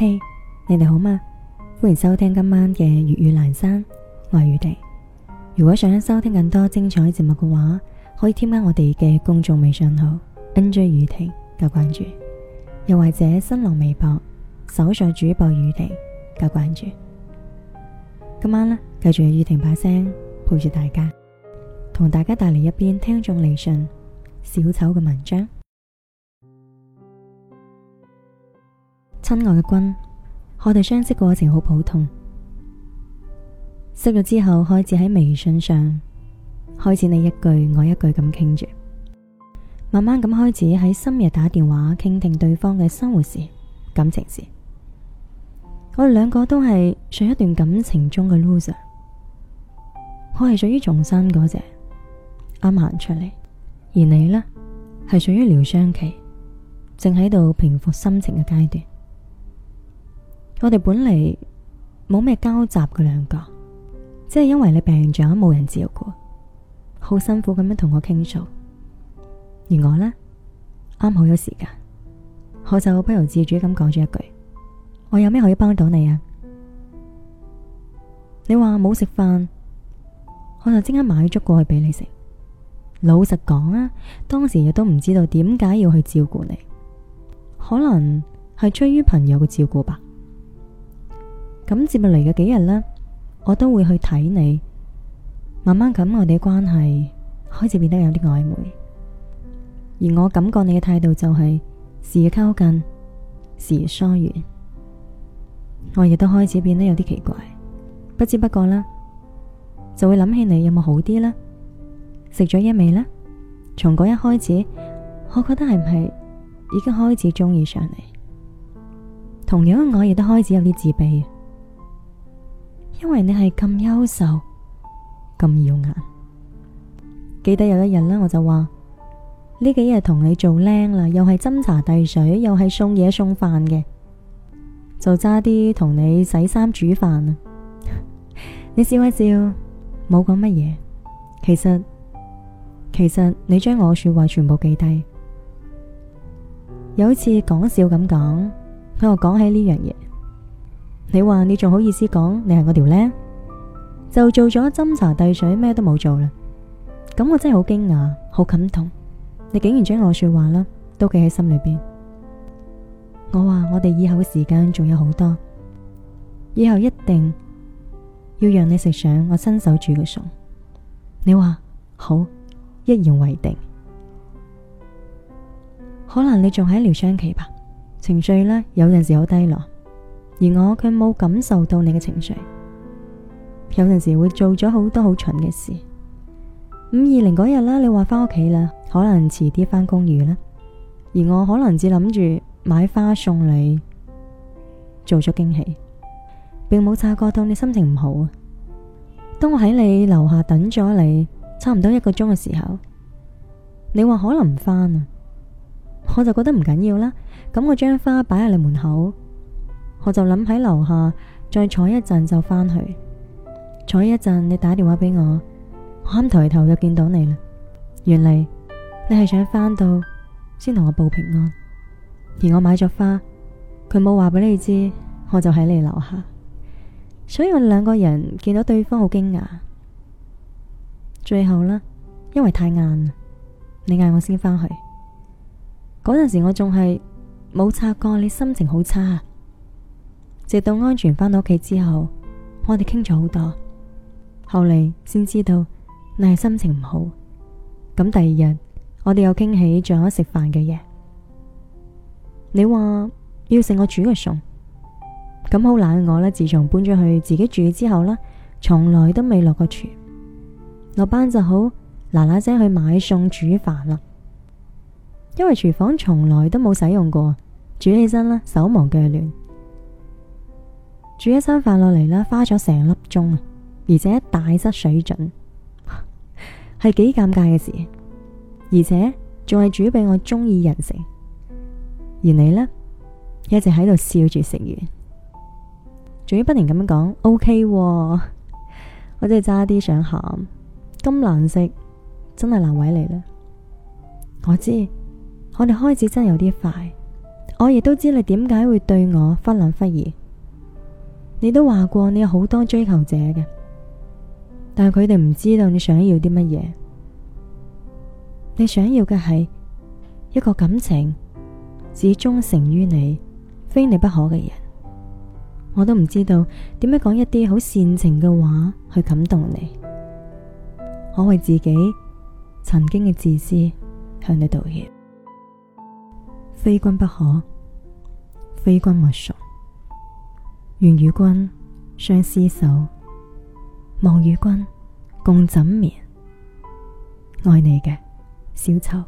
嘿，hey, 你哋好嗎？歡迎收聽今晚嘅粵語闌珊，我係雨婷。如果想收聽更多精彩節目嘅話，可以添加我哋嘅公眾微信號 nj 雨婷加關注，又或者新浪微博搜索主播雨婷加關注。今晚呢，繼續有雨婷把聲陪住大家，同大家帶嚟一篇聽眾嚟信小丑嘅文章。親愛嘅君，我哋相識過程好普通，識咗之後開始喺微信上開始你一句我一句咁傾住，慢慢咁開始喺深夜打電話傾聽對方嘅生活事、感情事。我哋兩個都係上一段感情中嘅 loser，我係屬於重生嗰隻啱行出嚟，而你呢，係屬於療傷期，正喺度平復心情嘅階段。我哋本嚟冇咩交集嘅兩個，只係因為你病咗冇人照顧，好辛苦咁樣同我傾訴。而我呢，啱好有時間，我就不由自主咁講咗一句：我有咩可以幫到你啊？你話冇食飯，我就即刻買粥過去俾你食。老實講啦，當時亦都唔知道點解要去照顧你，可能係出於朋友嘅照顧吧。咁接落嚟嘅幾日咧，我都會去睇你，慢慢咁，我哋嘅關係開始變得有啲曖昧，而我感覺你嘅態度就係時而靠近，時而疏遠。我亦都開始變得有啲奇怪，不知不覺啦，就會諗起你有冇好啲啦，食咗嘢未咧？從嗰一開始，我覺得係唔係已經開始鍾意上你？同樣，我亦都開始有啲自卑。因為你係咁優秀，咁耀眼。記得有一日啦，我就話呢幾日同你做靚啦，又係斟茶遞水，又係送嘢送飯嘅，就揸啲同你洗衫煮飯啊！ 你笑一笑，冇講乜嘢。其實其實你將我說話全部記低。有一次講笑咁講，佢又講起呢樣嘢。你話你仲好意思講你係我條奴？就做咗斟茶遞水，咩都冇做啦。咁我真係好驚訝，好感動。你竟然將我說話啦，都記喺心裏邊。我話我哋以後嘅時間仲有好多，以後一定要讓你食上我親手煮嘅餸。你話好，一言為定。可能你仲喺療傷期吧，情緒呢，有陣時好低落。而我卻冇感受到你嘅情緒，有陣時會做咗好多好蠢嘅事。五二零嗰日啦，你話翻屋企啦，可能遲啲翻公寓啦，而我可能只諗住買花送你，做咗驚喜，並冇察覺到你心情唔好啊。當我喺你樓下等咗你差唔多一個鐘嘅時候，你話可能唔翻啊，我就覺得唔緊要啦，咁我將花擺喺你門口。我就諗喺樓下再坐一陣就翻去。坐一陣，你打電話俾我，我啱抬頭就見到你啦。原嚟你係想翻到先同我報平安，而我買咗花，佢冇話俾你知，我就喺你樓下，所以我兩個人見到對方好驚訝。最後呢，因為太晏，你嗌我先翻去嗰陣時，我仲係冇察覺你心情好差啊。直到安全返到屋企之後，我哋傾咗好多。後嚟先知道你係心情唔好。咁第二日，我哋又傾起仲有食飯嘅嘢。你話要食我煮嘅餸，咁好懶嘅我呢，自從搬咗去自己住之後呢，從來都未落過廚。落班就好嗱嗱聲去買餸煮飯啦，因為廚房從來都冇使用過，煮起身啦手忙腳亂。煮一餐飯落嚟啦，花咗成粒鐘，而且大失水準係 幾尷尬嘅事，而且仲係煮俾我中意人食。而你呢，一直喺度笑住食完，仲要不停咁樣講 OK，我真係差啲想喊，咁難食，真係難為你啦。我知我哋開始真係有啲快，我亦都知你點解會對我忽冷忽熱。你都話過你有好多追求者嘅，但係佢哋唔知道你想要啲乜嘢。你想要嘅係一個感情，只忠誠於你，非你不可嘅人。我都唔知道點樣講一啲好煽情嘅話去感動你。我為自己曾經嘅自私向你道歉。非君不可，非君莫屬。願與君相廝守，望與君共枕眠。愛你嘅小丑。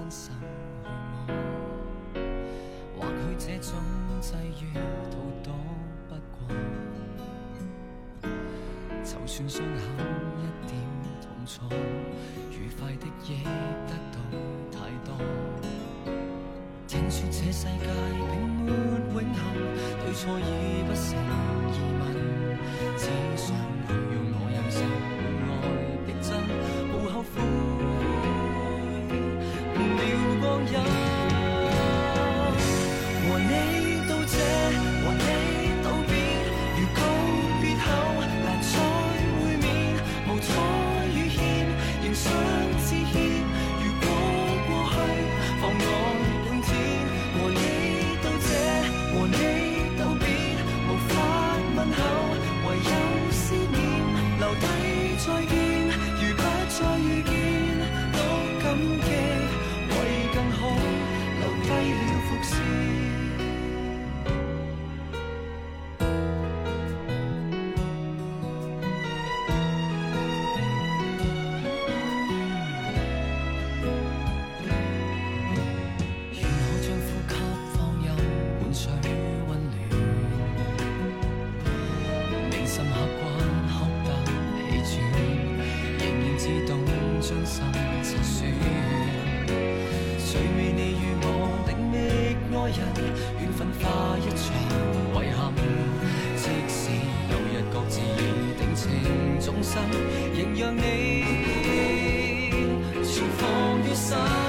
真心去摸，或許這種際遇逃躲不過。就算傷口一點痛楚，愉快的亦得到太多。聽説這世界並沒永恆，對錯已不成疑問，只想讓我任性。仍讓你存放於心。